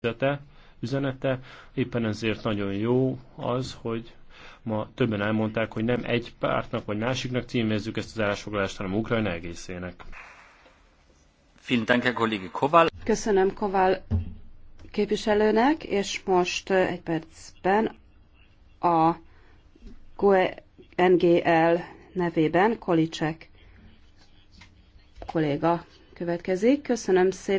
üzenete, üzenete, éppen ezért nagyon jó az, hogy ma többen elmondták, hogy nem egy pártnak vagy másiknak címezzük ezt az állásfoglalást, hanem Ukrajna egészének. Köszönöm Koval képviselőnek, és most egy percben a GNGL e nevében Kolicek kolléga következik. Köszönöm szépen.